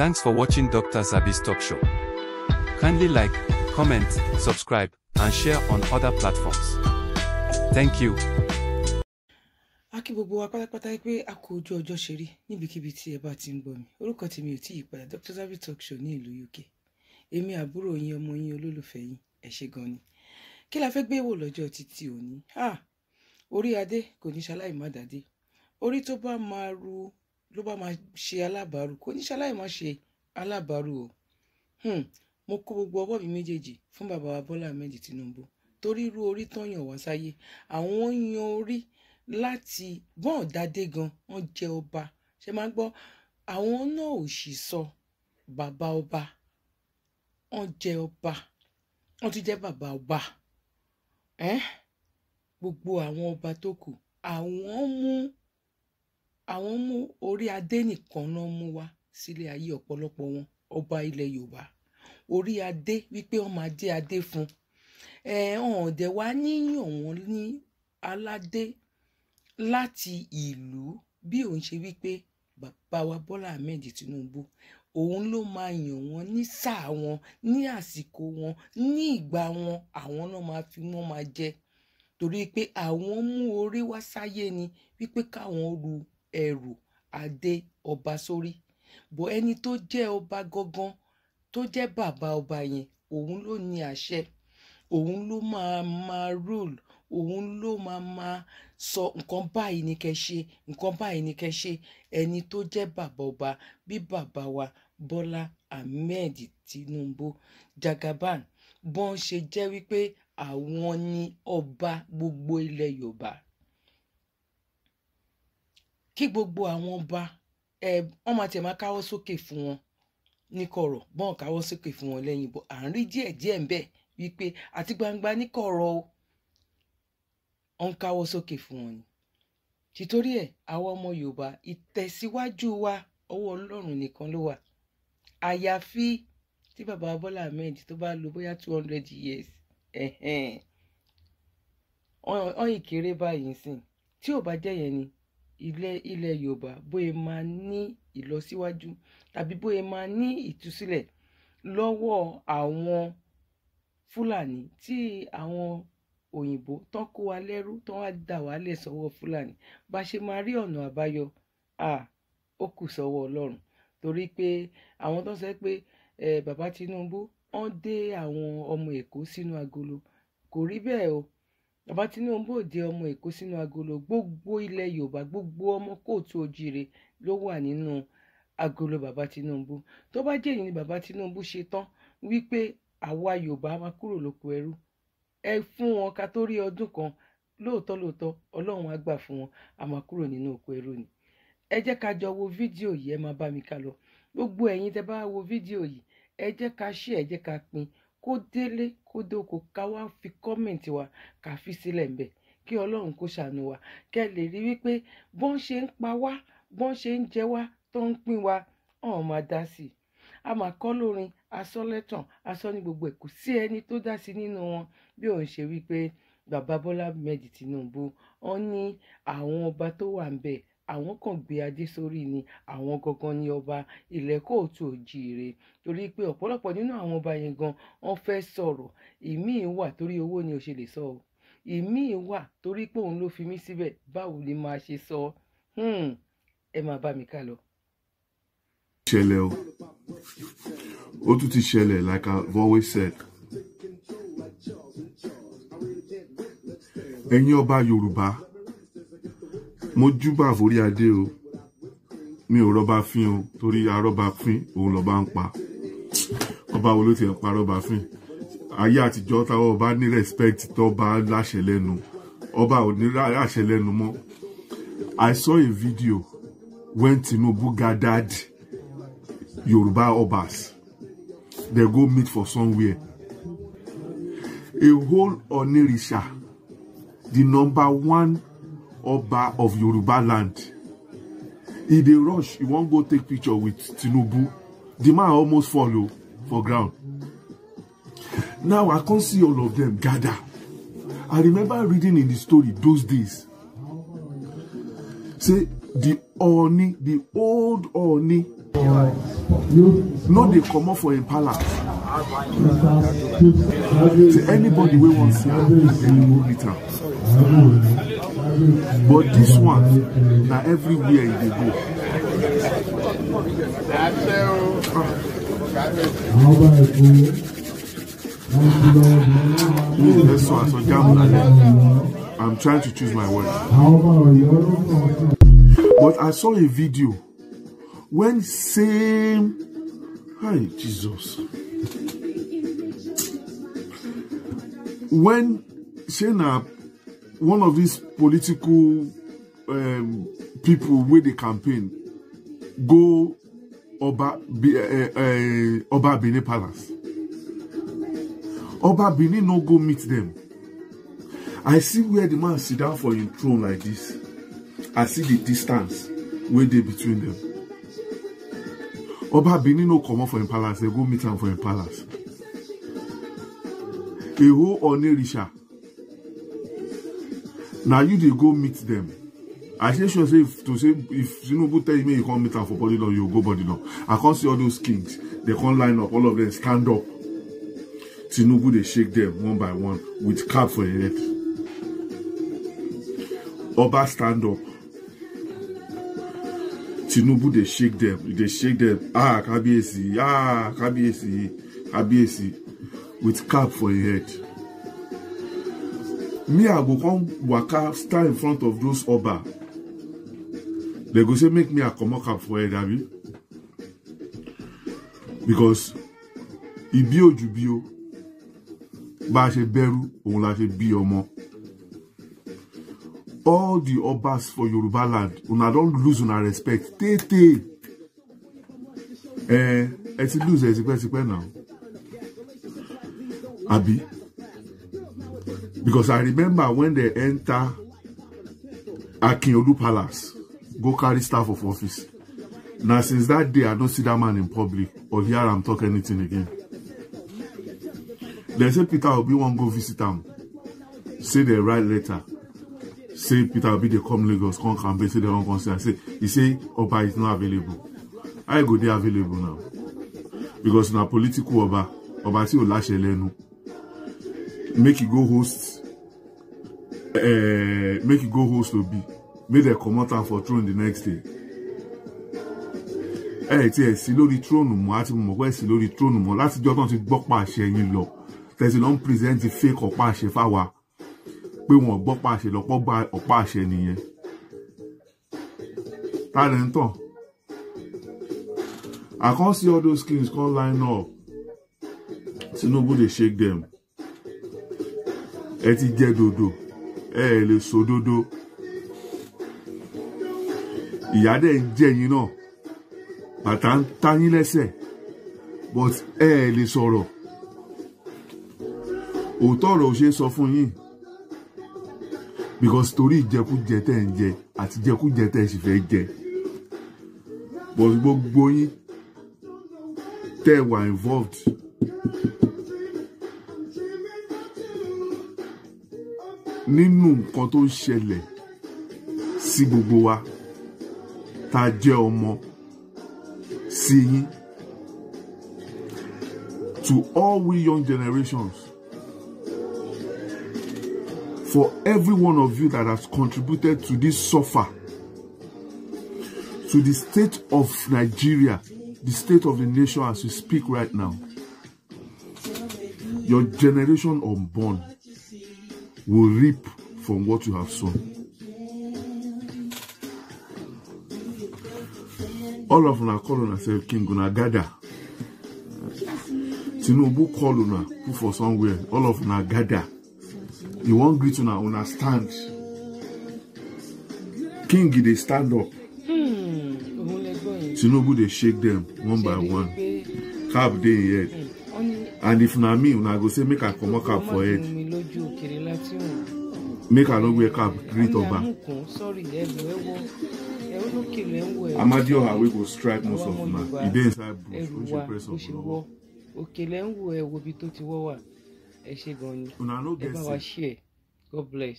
Thanks for watching Dr. Zabi's Talk Show. Kindly like, comment, subscribe, and share on other platforms. Thank you. Akí gbogbo wa pátápátá pé a kò ojú ọjọ́ ṣe rí níbikíbi tí ẹ bá ti ń gbọ́ mi. Orúkọ tèmi ò tí ì padà Dr. Zabi Talk Show ní ìlú UK. Èmi àbúrò yín ọmọ yín olólùfẹ́ yín ẹ ṣé gan ni. Kí la fẹ́ gbé wò lọ́jọ́ títí òní? Ah! Orí adé kò ní ṣaláì dàdé. Orí tó bá máa ru ló bá máa ṣe alábàárù kò ní ṣaláì má ṣe alábàárù o hmm, mo kó gbogbo ọwọ́ mi méjèèjì fún bàbá wa Bọ́lá Ahmed Tinubu torí irú orí tán yàn wá sáyé àwọn yan orí láti bọ́n dáadé gan wọ́n jẹ ọba ṣe máa gbọ́ àwọn náà ò sì sọ bàbá ọba wọ́n jẹ ọba wọ́n ti jẹ́ bàbá ọba gbogbo àwọn ọba tó kù àwọn mú àwọn mú orí adé nìkan náà mú wá sílé ayé ọ̀pọ̀lọpọ̀ wọn ọba ilẹ̀ yorùbá orí adé wípé wọ́n máa jẹ́ adé fún ẹ ọ̀hún ọ̀dẹ̀ wá níyàn wọ́n ní aládé láti ìlú bí òun ṣe wípé bàbá wa bọ́lá ahmed tinubu òun ló máa yàn wọ́n ní sáà wọn ní àsìkò wọn ní ìgbà wọn àwọn náà máa fi wọ́n máa jẹ torí pé àwọn mú orí wá sáyé ni wípé káwọn ru ẹrù adé ọba sórí bọ ẹni tó jẹ ọba gangan tó jẹ bàbá ọba yẹn òun ló ní àṣẹ òun ló máa máa rule òun ló máa máa sọ nǹkan báyìí ni kẹ́ ṣe nǹkan báyìí ni kẹ́ ṣe ẹni tó jẹ bàbá ọba bí bàbá wa Bọ́lá Ahmed Tinubu Jagaban bọ́n ṣe jẹ́ wípé àwọn ni ọba gbogbo ilẹ̀ Yorùbá kí gbogbo àwọn ọba ẹ wọn máa tẹ̀ máa káwọ́ sókè fún wọn ní kọ̀rọ̀ bọ́n káwọ́ sókè fún wọn lẹ́yìn bọ́ à ń rí díẹ̀ díẹ̀ ń bẹ̀ wípé àti gbangba ní kọ̀rọ̀ ń káwọ́ sókè fún wọn ni tìtorí ẹ̀ àwa ọmọ Yorùbá ìtẹ̀síwájú wa ọwọ́ Ọlọ́run nìkan ló wà àyàfi tí bàbá Bọ́lá Ahmed tó bá lò bóyá two hundred years ọ̀hìn kéré báyìí sìn tí ò bá jẹ́ yẹn ni ilẹ̀ ilẹ̀ yorùbá bóyá máa ní ìlọsíwájú tàbí bóyá máa ní ìtúsílẹ̀ lọ́wọ́ àwọn fúlàní tí àwọn òyìnbó tán kó wa lẹ́rú tán wá dà wá lẹ̀ sọ́wọ́ fúlàní bá ṣe máa rí ọ̀nà àbáyọ ó kù sọ́wọ́ ọlọ́run torí pé àwọn tó ń sọ pé bàbá Tinubu wọ́n dé àwọn ọmọ èkó sínú agolo kò rí bẹ́ẹ̀ o bàbá tinubu òde ọmọ èkó sínú agolo gbogbo ilẹ̀ yorùbá gbogbo ọmọ kóòtù òjire ló wà nínú agolo bàbá tinubu tó bá jẹ́ ni bàbá tinubu ṣe tán wípé àwa yorùbá máa kúrò lóko ẹrú ẹ fún wọn ká tó rí ọdún kan lóòótọ́ lóòótọ́ ọlọ́run á gbà fún wọn a máa kúrò nínú oko ẹrú ni ẹ jẹ́ ká jọ wo fídíò yìí ẹ máa bá mi ká lọ gbogbo ẹ̀yin tẹ́ bá wo fídíò yìí ẹ jẹ́ ká ṣí ẹ jẹ́ ká pín kó délé kó dóko ká wá fi kọ́mẹ̀ntì wa ká fi sílẹ̀ ń bẹ̀ kí ọlọ́run kó ṣàánú wa kẹ́ lè rí wípé bọ́n ṣe ń pa wá bọ́n ṣe ń jẹ wá tó ń pín wa ọ̀hún máa dá sí i a máa kọ́ lórin asọ́lẹ́tàn asọ́ ní gbogbo ẹ̀ kò sí ẹni tó dá sí nínú wọn bí òun ṣe wípé bàbá Bọ́lá Mẹ́jì Tinubu wọn ní àwọn ọba tó wà ń bẹ̀ àwọn kan gbé adé sórí ni àwọn gangan ni ọba ilẹ̀ kóòtù òjíire torí pé ọ̀pọ̀lọpọ̀ nínú àwọn ọba yẹn gan wọ́n fẹ́ sọ̀rọ̀ ìmíì wà torí owó ni ò ṣe lè sọ o ìmíì wà torí pé òun ló fi mí síbẹ̀ báwo ni máa ṣe sọ hmm, ẹ máa bá mi ká lọ. ṣẹlẹ̀ o ó tún ti ṣẹlẹ̀ like I've always said ẹ̀yin ọba Yorùbá mo júbà forí adé o mi ò rọba fín o torí arọba fín òun lọba ń pa ọba wo ló ti ẹ̀ pa rọba fín ayé àtijọ́ táwọn ọba ní respect tọ́ba láṣẹ lẹ́nu ọba ò ní láṣẹ lẹ́nu mọ́ I saw a video when Tinubu gathered Yoruba obas they go meet for somewhere a whole onírìṣà the number one Oba of Yoruba land. He dey rush, he won't go take picture with Tinubu. The man almost follow oh, for ground. Now I can't see all of them gather. I remember reading in the story those days. Say the Oni, the old Oni, no come up for im palace. Say anybody wey wan see am, dem go But this one, now everywhere they e go. Me, hmm, this one, so jam I'm trying to choose my word. But I saw a video when same Hi Jesus. When na one of these political um, people with the campaign go Oba, be, uh, uh, eh, eh, Oba Benin Palace. Oba Benin no go meet them. I see where the man sit down for him throne like this. I see the distance where they between them. Oba Benin no come comot for him palace. They go meet him for him palace. Eho Onerisha na you dey go meet dem i say sure say if to say if tinubu tell you make you come meet am for body law you go body law i come see all those kings dey come line up all of them stand up tinubu dey shake them one by one with cap for im head oba stand up tinubu dey shake them. e dey shake them. ah kabiyesi ah kabiyesi kabiyesi with cap for im head me i go come waka stand in front of those oba they go say make me i comot cap for head abi because ibi ojú bí o bá a ṣe bẹ̀rù la ṣe bí ọmọ all the obas for Yoruba land una don lose una respect tètè ẹ eh, ẹ ti lose ẹ tipẹ́tipẹ́ now abi. Because I remember when they enter Akinolu Palace, go carry staff of office. Now, since that day, I don't see that man in public or hear him talk anything again. They say Peter Obi won't go visit am. Say they write letter. Say Peter Obi they come Lagos, come campaign, say they see. I Say he say Oba is not available. I go dey available now. Because na political Oba, Oba see o láṣẹ Make he go host Eh, make you go host obi make dem comot am for throne the next day eh, ẹ ti ẹ sí lórí tróònù mọ́ àti mọ̀ pé ẹ sí lórí tróònù mọ́ látijọ́ tán ti gbọ́ pàṣẹ yín lọ tẹ̀sí ló ń pírẹsẹ̀ntì fake ọ̀pá àṣẹ fáwa pé wọn gbọ́ pàṣẹ lọ́pọ̀ gba ọ̀pá àṣẹ nìyẹn talent tán I can't see all those kings come line up Tinubu dey shake them ẹ ti jẹ dodo ẹ ẹ lè sòdodo ìyà dẹ̀ ń jẹ yín náà bàtà ń ta yín lẹ́sẹ̀ but ẹ ẹ lè sọ̀rọ̀ òótọ́ ọ̀rọ̀ ò ṣe é sọ fún yín because torí ìjẹkújẹ tẹ̀ ń jẹ àti ìjẹkújẹ tẹ̀ sì fẹ́ jẹ but gbogbo yín tẹ̀ wà involved nínú nǹkan tó ń ṣẹlẹ̀ sí gbogbo wa tá jẹ́ ọmọ sí yín to all we young generations for every one of you that has contributed to this suffer to the state of Nigeria the state of the nation as we speak right now your generation unborn will reap from what you have sown. All of una call una say King una gather. Tinubu call una put for somewhere. All of una gather. You won't greet una una stand. King they stand up. Hmm. Tinubu they shake them one by one. Cap day head and if na me una go say make i comot cap for head make i no wear cap greet oba amadioha wey go strike most of una e dey inside bush wey she press up lọ́wọ́. òkèlè ń wo ẹ̀wò God bless.